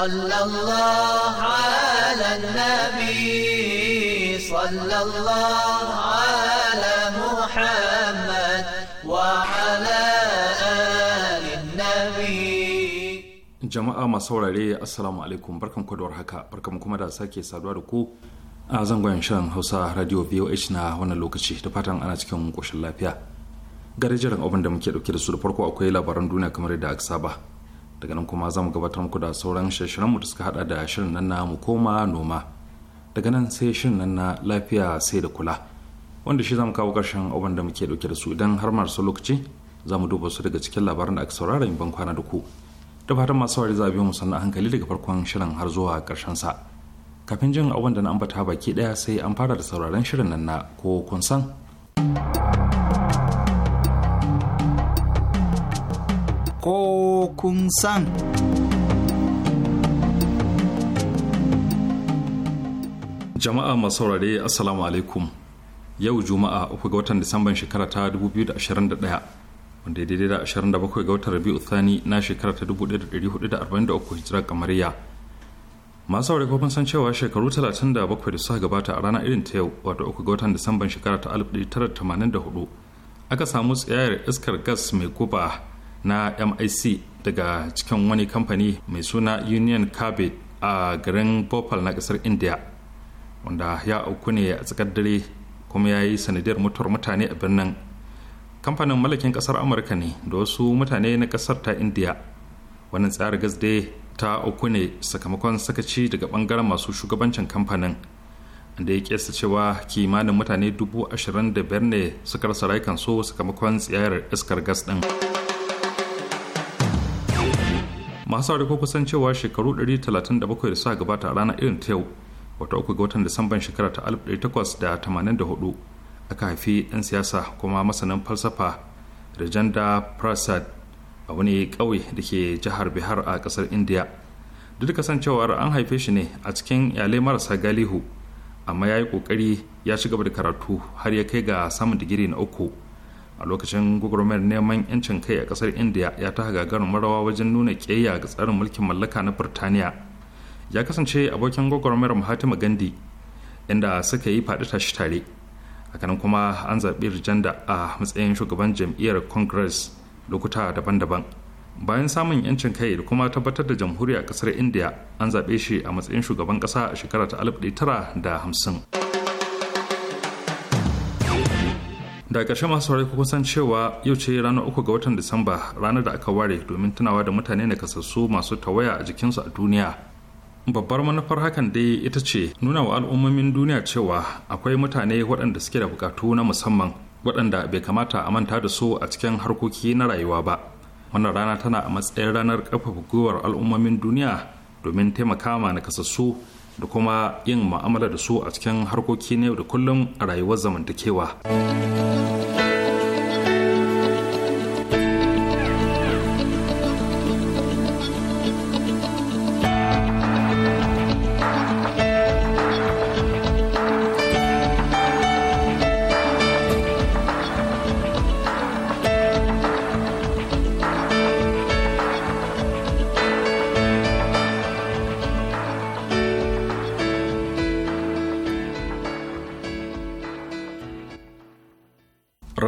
صلى الله على النبي صلى الله على محمد وعلى آل النبي jama'a masu saurare assalamu alaikum barkan ku haka, warhaka barkan kuma da sake saduwa da ku a zangon shirin hausa radio voh na wannan lokaci da fatan ana cikin koshin lafiya gare jiran abin da muke dauke da su da farko akwai labaran duniya kamar yadda aka saba daga nan kuma za mu gabatar muku da sauran shirye-shiryenmu da suka hada da shirin nan na mu koma noma daga nan sai shirin nan na lafiya sai da kula wanda shi za mu kawo karshen abin da muke dauke da su idan har marasa lokaci za mu duba su daga cikin labaran da aka saurara in ban kwana da ku da fatan masu saurari za a biyo mu sannan hankali daga farkon shirin har zuwa karshen sa kafin jin abin da na ambata baki daya sai an fara da sauraron shirin nan na ko kun san. ko kun san. Jama'a masu Assalamu alaikum yau Juma'a uku ga watan Disamban shekara ta 2021 wanda daidai da 27 ga watan Rabi'u Thani na shekara ta 1443 hijira kamariya. Masu aure ko san cewa shekaru 37 da suka gabata a rana irin ta yau wato uku ga watan Disamban shekara ta 1984 aka samu tsayayyar iskar gas mai guba na mic daga cikin wani kamfani mai suna union carbide a garin bhopal na kasar india wanda ya auku ne a tsakar dare kuma ya yi sanadiyar mutuwar mutane a birnin kamfanin mallakin kasar amurka ne da wasu mutane na kasar ta india wani tsara gas dai ta uku ne sakamakon sakaci daga bangaren masu shugabancin kamfanin da ya kesa cewa kimanin mutane dubu ashirin da biyar ne suka rasa rayukansu sakamakon tsayar iskar gas din. masu saurari ko kusan cewa shekaru 137 da suka gabata a ranar irin ta yau wata uku ga watan disamban shekara ta 1884 aka haifi ɗan siyasa kuma masanin falsafa rajanda prasad a wani ƙauye da ke jihar bihar a ƙasar india duk kasancewar an haife shi ne a cikin yale marasa galihu amma ya yi ƙoƙari ya ci gaba da karatu har ya kai ga samun digiri na uku a lokacin gwagwarmayar neman yancin kai a kasar india ya ta gagarin marawa wajen nuna ƙeya ga tsarin mulkin mallaka na birtaniya ya kasance abokin gwagwarmayar mahatma gandhi inda suka yi faɗi tashi tare hakanan kuma an zaɓi rijanda a matsayin shugaban jam'iyyar congress lokuta daban-daban bayan samun yancin kai da kuma tabbatar da jamhuriya a kasar india an zaɓe shi a matsayin shugaban ƙasa a shekara ta da hamsin. da ƙarshe masu saurari ku san cewa yau ce ranar uku ga watan disamba ranar da aka ware domin tunawa da mutane na kasassu masu tawaya a jikinsu a duniya babbar manufar hakan dai ita ce nuna wa al'ummomin duniya cewa akwai mutane waɗanda suke da bukatu na musamman waɗanda bai kamata a manta da su a cikin harkoki na rayuwa ba wannan rana tana a matsayin ranar ƙarfafa gwiwar al'ummomin duniya domin taimaka ma nakasassu da kuma yin mu'amala da su a cikin harkoki na yau da kullum a rayuwar zamantakewa.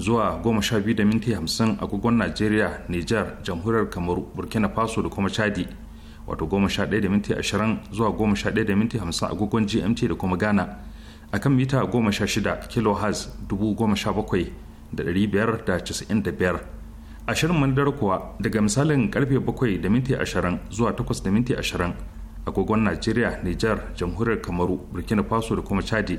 zuwa goma sha biyu da agogon najeriya nijar jamhuriyar kamaru burkina faso da kuma chadi wato goma sha ɗaya da zuwa goma sha ɗaya da minti hamsin agogon gmt da kuma ghana akan mita goma sha shida kilohertz dubu goma sha bakwai da biyar da da biyar ashirin mandar kuwa daga misalin karfe bakwai da minti ashirin zuwa takwas da minti ashirin agogon najeriya nijar jamhuriyar kamaru burkina faso da kuma chadi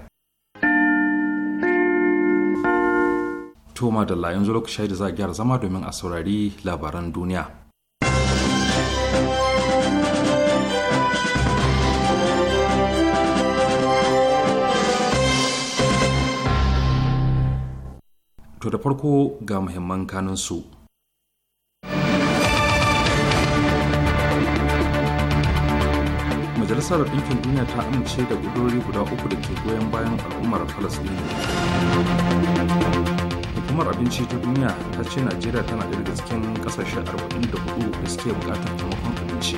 Toma da layan lokaci da za a gyara zama domin a saurari labaran duniya. To da farko ga muhimman kanunsu. majalisar ɗinkin duniya ta amince da ƙudurori guda uku da ke goyon bayan al'ummar falasɗinu hukumar abinci ta duniya ta ce najeriya tana daga cikin kasashe 44 da suke bukatar taimakon abinci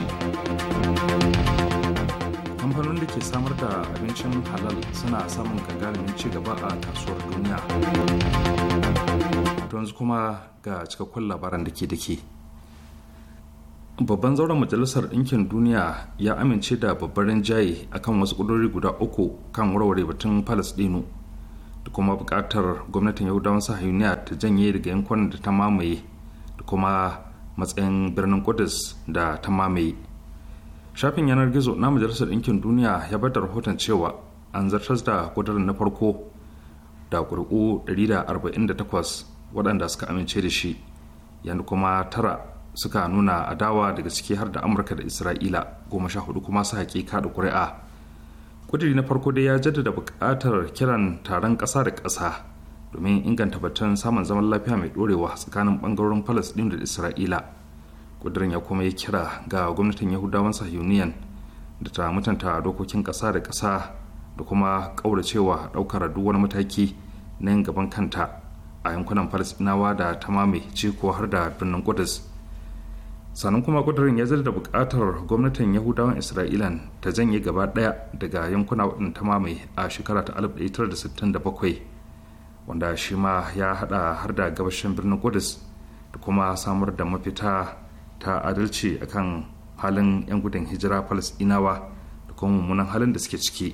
kamfanonin da ke samar da abincin halal suna samun gagarumin ci gaba a kasuwar duniya yanzu kuma ga cikakkun labaran da ke da babban zauren majalisar ɗinkin duniya ya amince da babban rinjaye akan wasu ƙudurori guda uku kan warware batun palestino da kuma buƙatar gwamnatin yahudawan sahayuniya ta janye daga yankunan da ta mamaye da kuma matsayin birnin kudus da ta mamaye shafin yanar gizo na majalisar ɗinkin duniya ya bada rahoton cewa an zartar da kudurin na farko da ƙuri'u 148 waɗanda suka amince da shi yadda kuma tara suka nuna adawa daga ciki har da amurka da isra'ila goma sha hudu kuma su haƙiƙa da ƙuri'a kudiri na farko dai ya jaddada bukatar kiran taron ƙasa da ƙasa domin inganta batun samun zaman lafiya mai ɗorewa tsakanin ɓangarorin palestine da isra'ila kudirin ya kuma yi kira ga gwamnatin yahudawan sahiyuniyan da ta mutunta dokokin ƙasa da ƙasa da kuma ƙauracewa ɗaukar duk wani mataki na yin gaban kanta a yankunan falasɗinawa da ta mame ciko har da birnin kudus sannan kuma kudurin ya da bukatar gwamnatin yahudawan isra'ilan ta janye gaba daya daga yankuna waɗanda ta mamaye a shekara ta 1967 wanda shi ma ya hada har da gabashin birnin kudus da kuma samar da mafita ta adalci akan halin 'yan gudun hijira falasɗinawa da kuma mummunan halin da suke ciki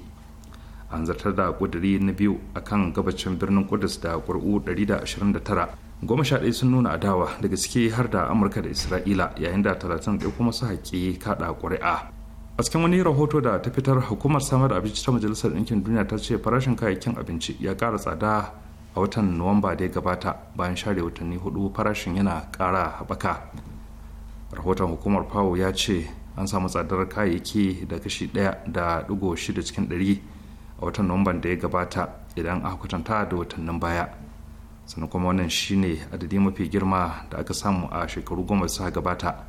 an zartar da kuduri na biyu akan gabashin birnin kudus da kur'u 129 goma sha ɗaya sun nuna adawa daga ciki har da amurka da isra'ila yayin da talatin ɗaya kuma su haƙi kaɗa ƙuri'a a cikin wani rahoto da ta fitar hukumar samar da abinci ta majalisar ɗinkin duniya ta ce farashin kayayyakin abinci ya ƙara tsada a watan nuwamba da ya gabata bayan share watanni hudu farashin yana ƙara haɓaka rahoton hukumar pawo ya ce an samu tsadar kayayyaki da kashi ɗaya da ɗigo shida cikin ɗari a watan nuwamban da ya gabata idan aka kwatanta da watannin baya sannan kuma wannan shine adadi mafi girma da aka samu a shekaru goma su gabata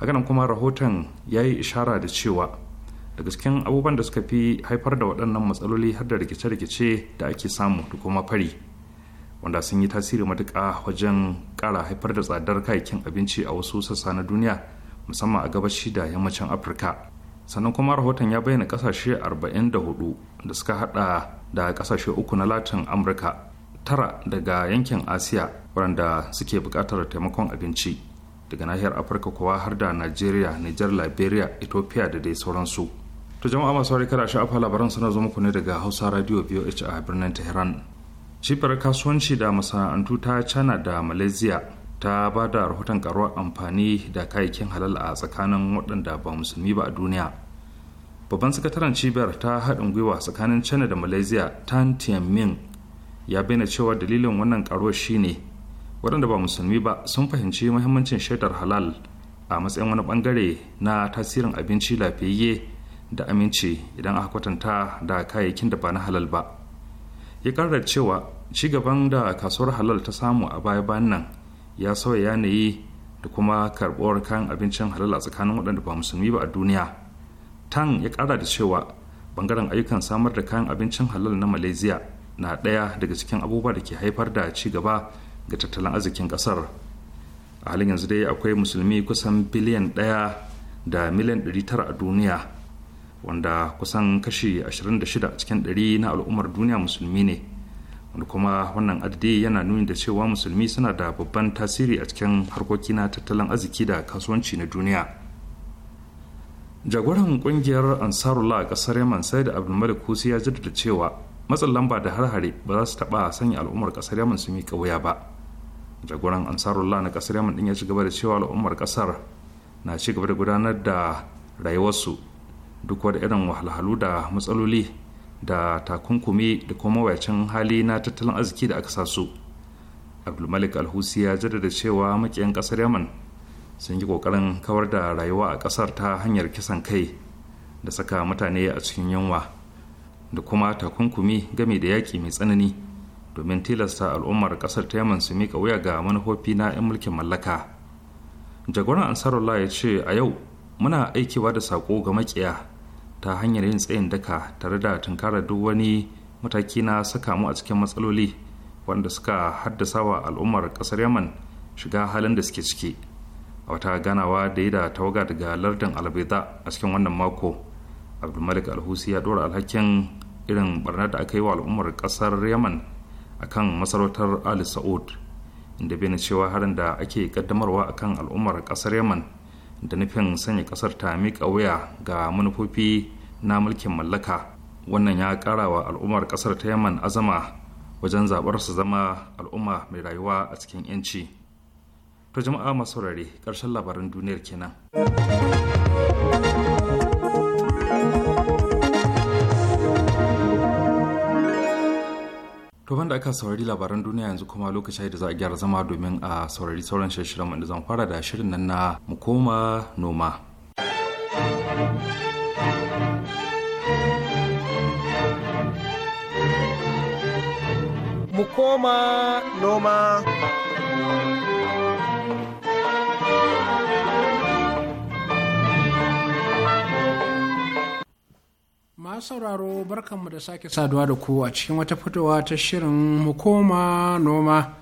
hakanan kuma rahoton ya yi ishara da cewa daga cikin abubuwan da suka fi haifar da waɗannan matsaloli har da rikice-rikice da ake samu da kuma fari wanda sun yi tasiri matuƙa wajen ƙara haifar da tsadar kayayyakin abinci a wasu sassa na duniya musamman a gabashi da yammacin afirka sannan kuma rahoton ya bayyana ƙasashe 44 da suka hada da ƙasashe uku na latin amurka tara daga yankin asiya waɗanda suke buƙatar taimakon abinci daga nahiyar afirka kowa har da nigeria nijar liberia ethiopia da dai sauransu to jama'a masu harika da sha'afa labaran suna zo muku ne daga hausa radio voh a birnin tehran cibiyar kasuwanci da masana'antu ta china da malaysia ta ba da rahoton karuwar amfani da kayayyakin halal a tsakanin waɗanda ba musulmi ba a duniya babban sakataren cibiyar ta haɗin gwiwa tsakanin china da malaysia tan tianming ya bayyana cewa dalilin wannan karuwar shine waɗanda ba musulmi ba sun fahimci muhimmancin shaidar halal a matsayin wani bangare na tasirin abinci lafiyayye da aminci idan aka kwatanta da kayayyakin da ba na halal ba ya ƙarar cewa ci gaban da kasuwar halal ta samu a baya bayan nan ya sauya yanayi da kuma karɓuwar kayan abincin halal a tsakanin waɗanda ba musulmi ba a duniya tan ya ƙara da cewa bangaren ayyukan samar da kayan abincin halal na malaysia na ɗaya daga cikin abubuwa da ke haifar da ci gaba ga tattalin arzikin ƙasar a halin yanzu dai akwai musulmi kusan biliyan ɗaya da miliyan ɗari tara a duniya wanda kusan kashi 26 cikin ɗari na al'ummar duniya musulmi ne wanda kuma wannan adadi yana nuni da cewa musulmi suna da babban tasiri a cikin harkoki na tattalin arziki da kasuwanci na duniya jagoran kungiyar ansarullah a kasar yaman sai da abdulmalik husi ya jaddada cewa matsin lamba da har-hare ba za su taɓa sanya al'ummar ƙasar yaman su yi kawuya ba jagoran ansarullah na ƙasar yaman ɗin ya ci gaba da cewa al'ummar ƙasar na ci gaba da gudanar da rayuwarsu duk wani irin wahalhalu da matsaloli da takunkumi da kuma mawacin hali na tattalin arziki da aka sa su abdulmalik alhusi ya jaddada cewa makiyan ƙasar yaman sun yi ƙoƙarin kawar da rayuwa a ƙasar ta hanyar kisan kai da saka mutane a cikin yunwa da kuma takunkumi game da yaƙi mai tsanani domin tilasta al'ummar ƙasar ta yaman su miƙa wuya ga manufofi na 'yan mulkin mallaka jagoran ansarullah ya ce a yau muna aikewa da saƙo ga makiya ta hanyar yin tsayin daka tare da tunkarar duk wani mataki na saka mu a cikin matsaloli wanda suka haddasa wa al'ummar ƙasar yaman shiga halin da suke ciki a wata ganawa da ya da tawaga daga lardin albaida a cikin wannan mako abdulmalik alhusi ya dora alhakin irin barnar da aka yi wa al'ummar kasar yaman akan masarautar ali sa'ud inda bai cewa harin da ake kaddamarwa akan al'ummar kasar yaman da nufin sanya kasar ta miƙa wuya ga manufofi na mulkin mallaka wannan ya ƙara wa al'ummar kasar ta yaman azama wajen zaɓar su zama al'umma mai rayuwa a cikin 'yanci to jama'a masu rare ƙarshen labaran duniyar kenan to da aka saurari labaran duniya yanzu kuma lokaci da za a gyara zama domin a saurari sauran shirin da zan fara da shirin nan na mu koma noma mu koma noma Ma sauraro barkanmu da sake saduwa da ku a cikin wata fitowa ta shirin koma noma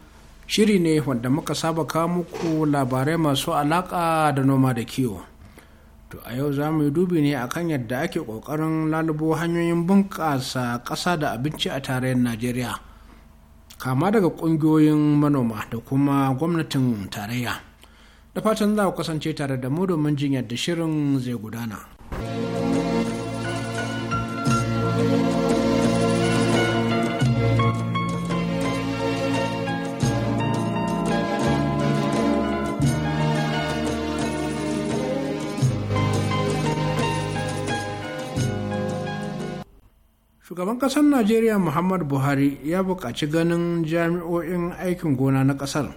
shiri ne wanda muka saba ka muku labarai masu alaƙa da noma da kiwo to a yau za mu yi dubi ne akan yadda ake ƙoƙarin lalubo hanyoyin bunƙasa ƙasa da abinci a tarayyar najeriya kama daga ƙungiyoyin manoma da kuma gwamnatin tarayya da fatan za ku kasance tare da mu domin jin yadda shirin zai gudana. shugaban ƙasar najeriya muhammad buhari ya buƙaci ganin jami'o'in aikin gona na ƙasar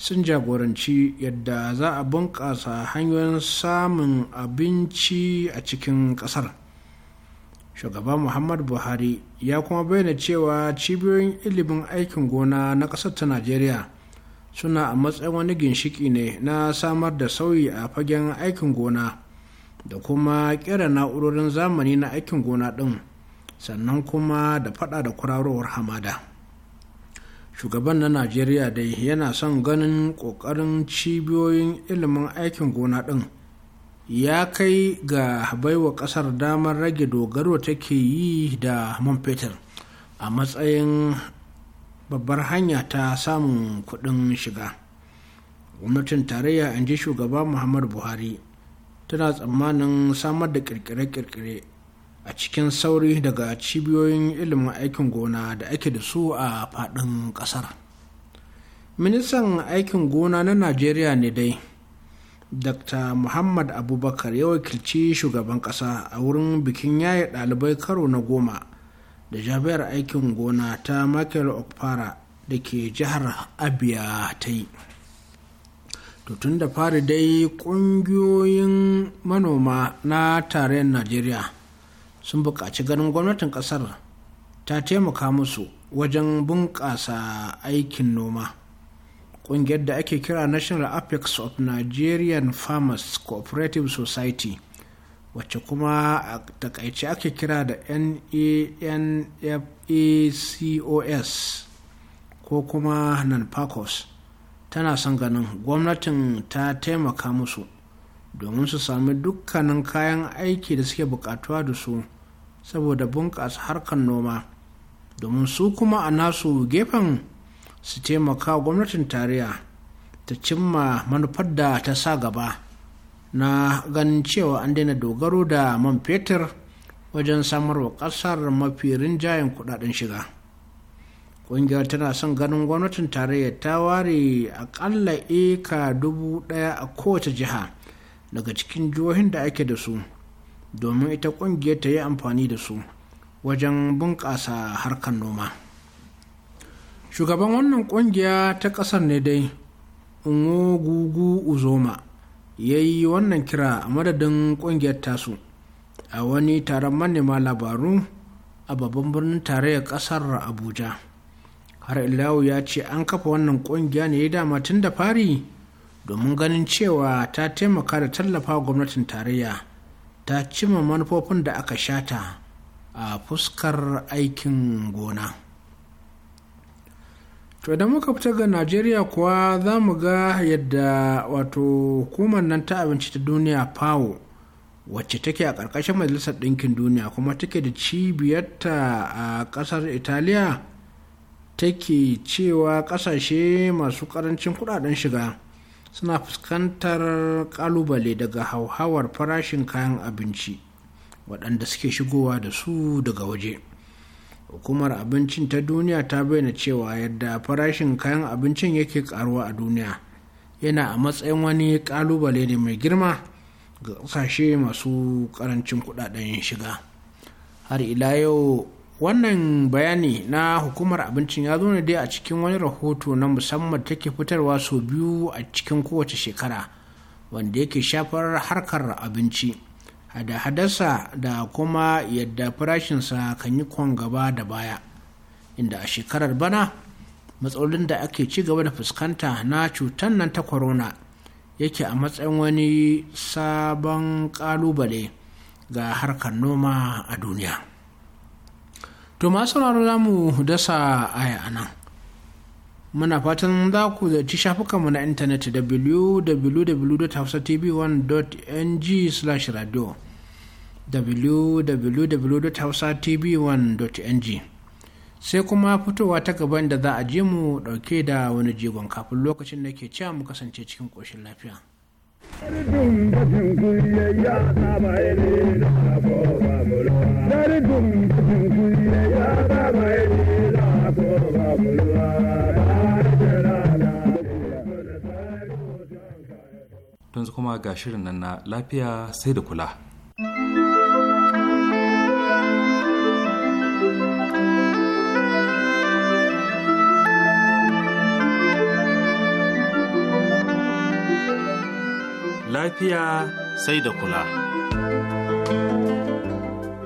sun jagoranci yadda za a bunƙasa hanyoyin samun abinci a cikin ƙasar shugaba muhammad buhari ya kuma bayyana cewa cibiyoyin ilimin aikin gona na ƙasar ta najeriya suna a matsayin wani ginshiki ne na samar da sauyi a fagen aikin gona da kuma ƙera na'urorin zamani na aikin gona ɗin sannan kuma da fada da kurarowar hamada shugaban na najeriya dai yana son ganin ƙoƙarin cibiyoyin ilimin aikin gona ɗin ya kai ga baiwa ƙasar damar rage dogaro take yi da man fetur a matsayin babbar hanya ta samun kuɗin shiga gwamnatin tarayya in ji shugaba muhammadu buhari tana tsammanin samar da kirkire-kirkire a cikin sauri daga cibiyoyin ilimin aikin gona da ake da su a faɗin ƙasar ministan aikin gona na najeriya ne dai dr muhammad abubakar ya wakilci shugaban ƙasa a wurin bikin yaye ɗalibai karo na goma da jami'ar aikin gona ta michael okpara da ke jihar abia ta yi tun da fari dai ƙungiyoyin manoma na tarayyar najeriya sun buƙaci ganin gwamnatin ƙasar ta taimaka musu wajen bunƙasa aikin noma ƙungiyar da ake kira national apex of nigerian farmers cooperative society wacce kuma a takaice ake kira da nanfacos ko kuma nanfacos tana son ganin gwamnatin ta taimaka musu domin su sami dukkanin kayan aiki da suke bukatuwa da su saboda bunƙasa harkar noma domin su kuma a nasu gefen su taimaka gwamnatin tarayya ta cimma manufar da ta sa gaba na ganin cewa an daina dogaro da man fetur wajen samarwa ƙasar mafi rinjayen kudaden shiga ƙungiyar tana son ganin gwamnatin tarayya ta ware akalla eka dubu ɗaya a kowace jiha daga cikin jihohin da ake da su domin ita ƙungiyar ta yi amfani da su wajen bunƙasa harkar noma shugaban wannan ƙungiya ta ƙasar ne dai gugu uzoma ya yi wannan kira a madadin ƙungiyar tasu a wani taron manema labaru a babban birnin tarayyar ƙasar abuja har ilawu ya ce an kafa wannan ƙungiya ne ya dama tun da fari domin ganin cewa ta taimaka da tallafa gwamnatin tarayya ta ma manufofin da aka shata a fuskar aikin gona to idan muka fita ga najeriya kuwa za mu ga yadda wato hukumar nan ta abinci ta duniya fawo wacce take a ƙarƙashin majalisar ɗinkin duniya kuma take da cibiyarta a ƙasar italiya take cewa ƙasashe masu ƙarancin kuɗaɗen shiga suna fuskantar kalubale daga hauhawar farashin kayan abinci waɗanda suke shigowa da su daga waje hukumar abincin ta duniya ta bayyana cewa yadda farashin kayan abincin yake karuwa a duniya yana a matsayin wani kalubale ne mai girma ga ƙasashe masu ƙarancin kuɗaɗen shiga har ila yau wannan bayani na hukumar abincin ya zo ne dai a cikin wani rahoto na musamman take fitarwa sau biyu a cikin kowace shekara wanda yake shafar harkar abinci hada hadarsa da kuma yadda farashinsa kan yi kwan gaba da baya inda a shekarar bana matsalolin da ake ci gaba da fuskanta na cutar nan ta corona yake a matsayin wani sabon kalubale ga harkar noma a duniya. To masu sauraro za mu dasa aya a nan. Muna fatan za ku zaci shafukanmu na intanet www.hausatv1.ng/radio www.hausatv1.ng sai kuma fitowa ta gaban da za a je mu dauke da wani jigon kafin lokacin da ke cewa mu kasance cikin ƙoshin lafiya. Daridun da jinkuri ya saba ele da ko da ya da ko Tunzu kuma ga shirin nan na lafiya sai da kula. lafiya sai da kula.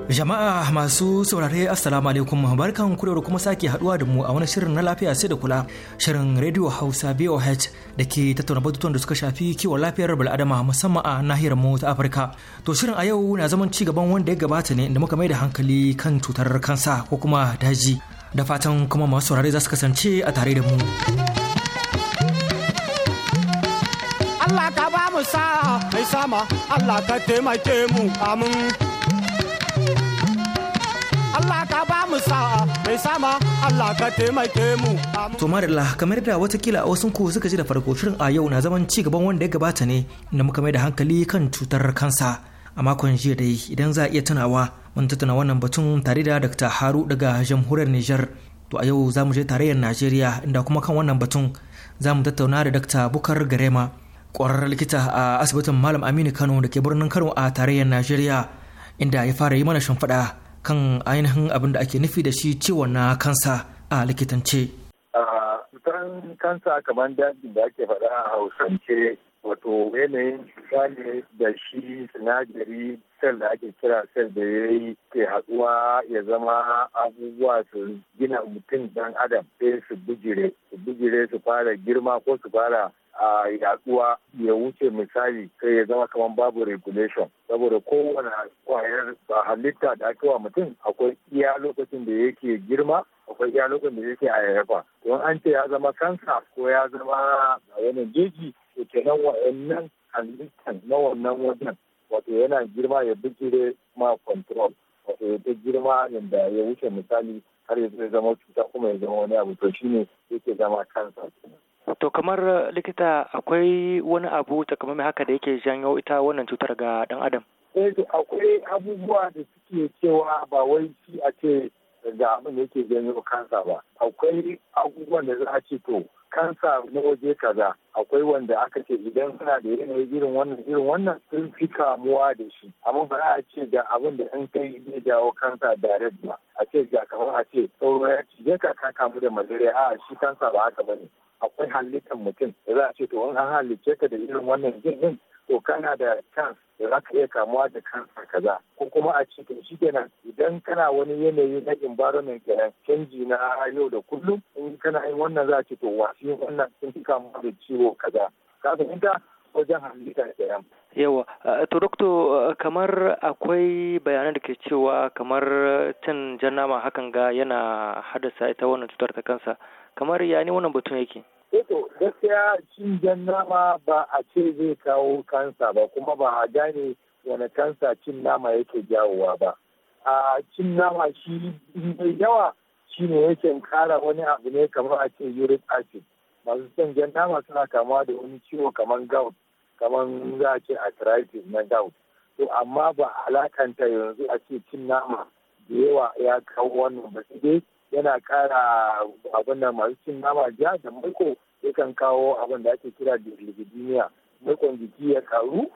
Jama'a masu saurare Assalamu alaikum barkan ku da kuma sake haduwa da mu a wani shirin na lafiya sai da kula shirin Radio Hausa BOH da ke tattauna batutuwan da suka shafi kiwon lafiyar bal'adama musamman a nahiyar mu ta Afirka. To shirin a yau na zaman ci gaban wanda ya gabata ne da muka mai da hankali kan cutar kansa ko kuma daji. Da fatan kuma masu saurare za su kasance a tare da mu. mu sa mai sama Allah ka taimake mu amin Allah ka ba mu sa'a mai sama Allah ka taimake mu. To Marilla kamar da watakila a wasu ku suka ji da farko shirin a yau na zaman ci gaban wanda ya gabata ne na muka mai da hankali kan cutar kansa. A makon jiya dai idan za a iya tunawa mun tattauna wannan batun tare da Dr. Haru daga jamhuriyar Nijar. To a yau za mu je tarayyar Najeriya inda kuma kan wannan batun za mu tattauna da Dr. Bukar Garema ƙwararren likita a asibitin malam aminu kano da ke birnin kano a tarayyar najeriya inda ya fara yi mana shimfiɗa kan ainihin abin da ake nufi da shi ciwon na kansa a likitance. cutar kansa kamar dajin da ake faɗa a hausance wato yanayin cuta ne da shi sinadari sel da ake kira sel da ya yi ke haɗuwa ya zama abubuwa su gina mutum dan adam sai su bijire su bijire su fara girma ko su fara a yaduwa ya wuce misali sai ya zama kamar babu regulation saboda kowane kwayar halitta da ake wa mutum akwai iya lokacin da yake girma akwai iya lokacin da yake hayayyafa don an ce ya zama kansa ko ya zama wani jeji to kenan wa'annan halittan na wannan wajen wato yana girma ya bijire ma control wato ya ta girma yadda ya wuce misali har ya zama cuta kuma ya zama wani abu to shine yake zama kansa To kamar eh, likita akwai wani abu takamaimai haka da yake janyo ita wannan cutar ga ɗan adam? Eh, akwai abubuwa da suke cewa ba wai shi a ce ga abin da yake janyo kansa ba. Akwai abubuwan da za a ce to kansa na waje kaza akwai wanda aka ce idan suna da yanayi irin wannan irin wannan sun fi kamuwa da shi amma ba a ce ga abin da in kai zai jawo kansa direct ba a ce ga kamar a ce sauro ya ce ka ka kamu da malaria a shi kansa ba haka bane akwai halittar mutum da za a ce to an halicce ka da irin wannan jin din to kana da chance da za ka iya kamuwa da kansa kaza ko kuma a ce to shi kenan idan kana wani yanayi na environment kenan canji na yau da kullum in kana yin wannan za a ce to wasi wannan sun fi kamuwa da ciwo kaza ka fahimta wajen da kenan. yawa eh, to doktor eh, kamar akwai bayanan da ke cewa kamar cin jan nama hakan ga yana haddasa ita wannan cutar ta kansa kamar ya ne wannan batun yake eh, to gaskiya cin jan nama ba a ce zai kawo kansa ba kuma ba a gane wani kansa cin nama yake jawowa ba a cin nama shi mai yawa shi ne yake kara wani abu ne kamar a ce uric acid masu cin jan nama suna kamuwa da wani ciwo kamar gout kamar za a ce arthritis na gout to amma ba alakanta yanzu a ce cin nama da yawa ya kawo wannan ba dai yana kara abin da masu cin nama ja da maiko yakan kawo abin da ake kira da lipidemia maikon jiki ya karu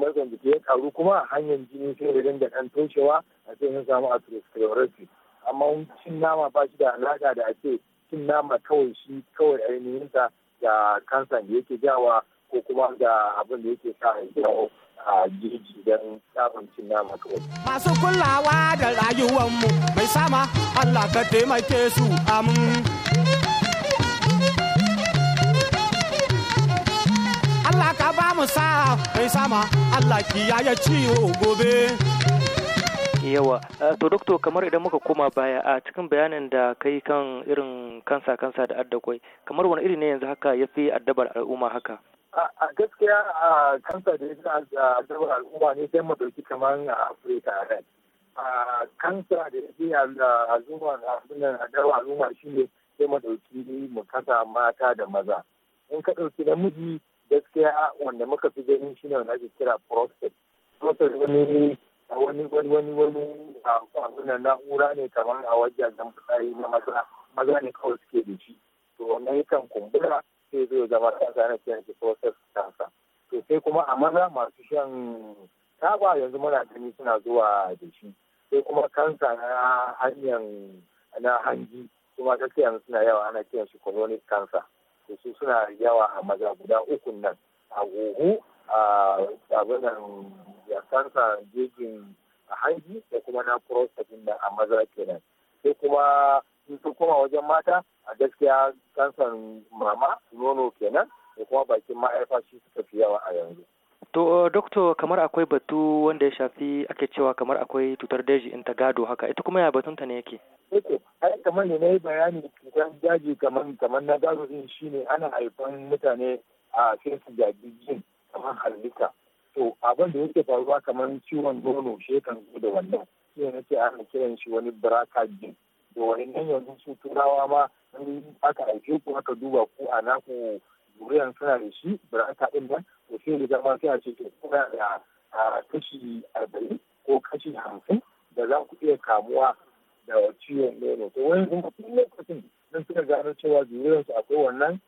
maikon jiki ya karu kuma hanyar jini sai da dinga kan toshewa a ce sun samu atherosclerosis amma cin nama ba shi da alaka da a ce cin nama kawai shi kawai ainihinsa da kansa da yake jawa kuma ga abin da yake sa yau a jirgi don samun cin nama kawai. Masu kulawa da rayuwanmu mai sama Allah ka taimake su amin. Allah ka ba mu sa mai sama Allah kiyaye ciwo gobe. yawa eh, to dokto kamar idan muka koma baya a cikin bayanin da kai kan irin kansa kansa da addakwai kamar wani iri ne yanzu haka ya fi addabar al'umma haka a gaskiya a kansa da ya a al'umma ne sai mu ɗauki kamar a afirka red a kansa da ya fi al'umma a zarbar al'umma shi ne sai mu ɗauki mu kasa mata da maza in ka ɗauki namiji gaskiya wanda muka fi ganin shi ne wanda ake kira prostate prostate wani wani wani wani wani abin na'ura ne kamar a wajen fitsari na maza maza ne kawai suke da shi to wannan yakan kumbura sai zai zama kansa na kiran shi ko kansa to sai kuma a maza masu shan taba yanzu muna gani suna zuwa da shi sai kuma kansa na hanyar na hanji kuma ta yanzu suna yawa ana kiran shi colonic cancer to su suna yawa a maza guda uku nan a huhu a abinan ya kansa jejin a hanji da kuma na prostate nan a maza kenan sai kuma in sun koma wajen mata a gaskiya kansan mama nono kenan da kuma bakin ma'aifa shi suka fi yawa a yanzu. To, doktor kamar akwai batu wanda ya shafi ake cewa kamar akwai cutar daji in ta gado haka, ita kuma ya batunta ne yake? Eke, ai kamar ne na yi bayani cutar daji kamar kamar na gado din shi ne ana haifan mutane a sai jajijin kamar halitta. To, abin da yake faruwa kamar ciwon nono shi kan zo da wannan. Shi ne nake ana kiran shi wani braka jin. To, wani nan yanzu su turawa ma in aka aike ku aka duba ko a naku zuriyar suna da shi birata ɗin nan to shi da zama sai a ce to kuna da kashi arba'in ko kashi hamsin da za ku iya kamuwa da ciwon nono to wani kuma tun lokacin sun suka gano cewa su akwai wannan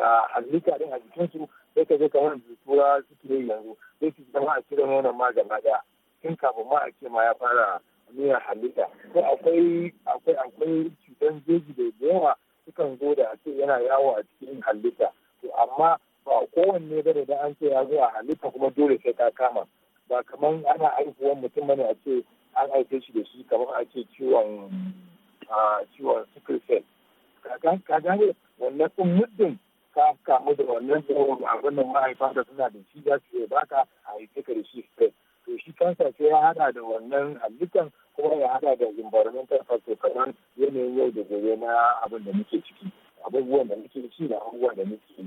a halitta din a su? sai ka je kamar da tura suke yi yanzu sai su zama a cire nono ma gaba da? tun kafin ma a ce ma ya fara nuna halitta ko akwai akwai akwai cutar jeji da yawa sukan zo da ce yana yawo a cikin halitta to amma ba kowanne bane da an ce ya zo a halitta kuma dole sai ka kama ba kaman ana haihuwan mutum bane a ce an aike shi da shi kamar a ce ciwon ciwon sickle cell ka gane wannan kun muddin ka kamu da wannan abin nan mahaifa suna da shi za su baka a yi da shi cikinsa sai ya hada da wannan halittar kuma ya hada da environmental factor kamar yanayin yau da gobe na abin da muke ciki abubuwan da muke ci da abubuwan da muke yi.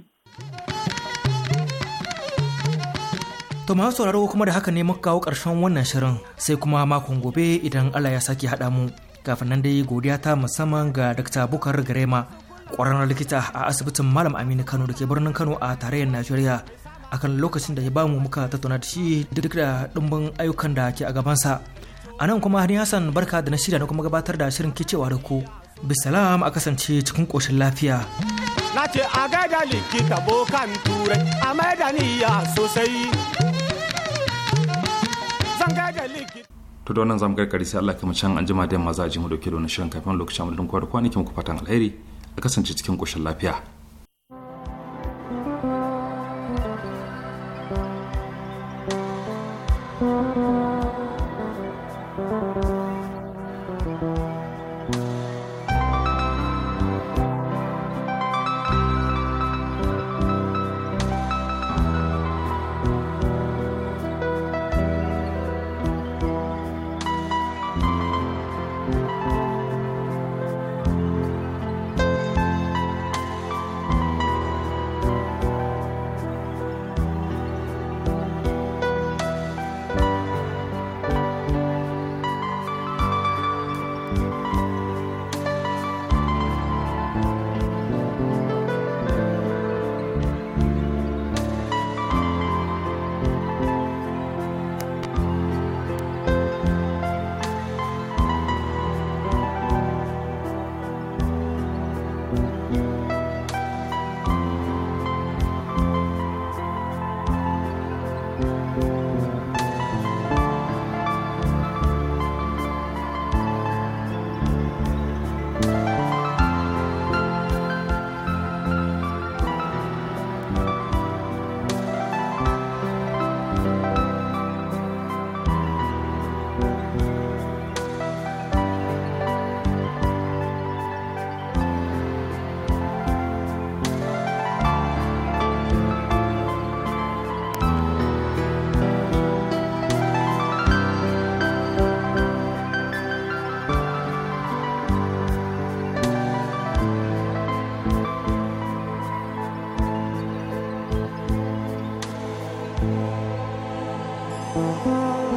To masu sauraro kuma da haka ne muka kawo karshen wannan shirin sai kuma makon gobe idan Allah ya sake haɗa mu kafin nan dai godiya ta musamman ga Dr. Bukar Garema ƙwararren likita a asibitin Malam Aminu Kano da ke birnin Kano a tarayyar Najeriya akan lokacin da ya ba mu muka tattauna da shi duk da ɗumbin ayyukan da ke a gabansa a nan kuma hani hassan barka da na shirya na kuma gabatar da shirin kicewa da ku bisalam a kasance cikin koshin lafiya na ce a gaida likita bokan turai a da niyya sosai zan gaida likita to da wannan zamu karkare sai Allah kuma can anjima da yamma za a ji mu dauke da shirin kafin lokacin mu dinkwa da kwanakin ku fatan alheri a kasance cikin koshin lafiya Música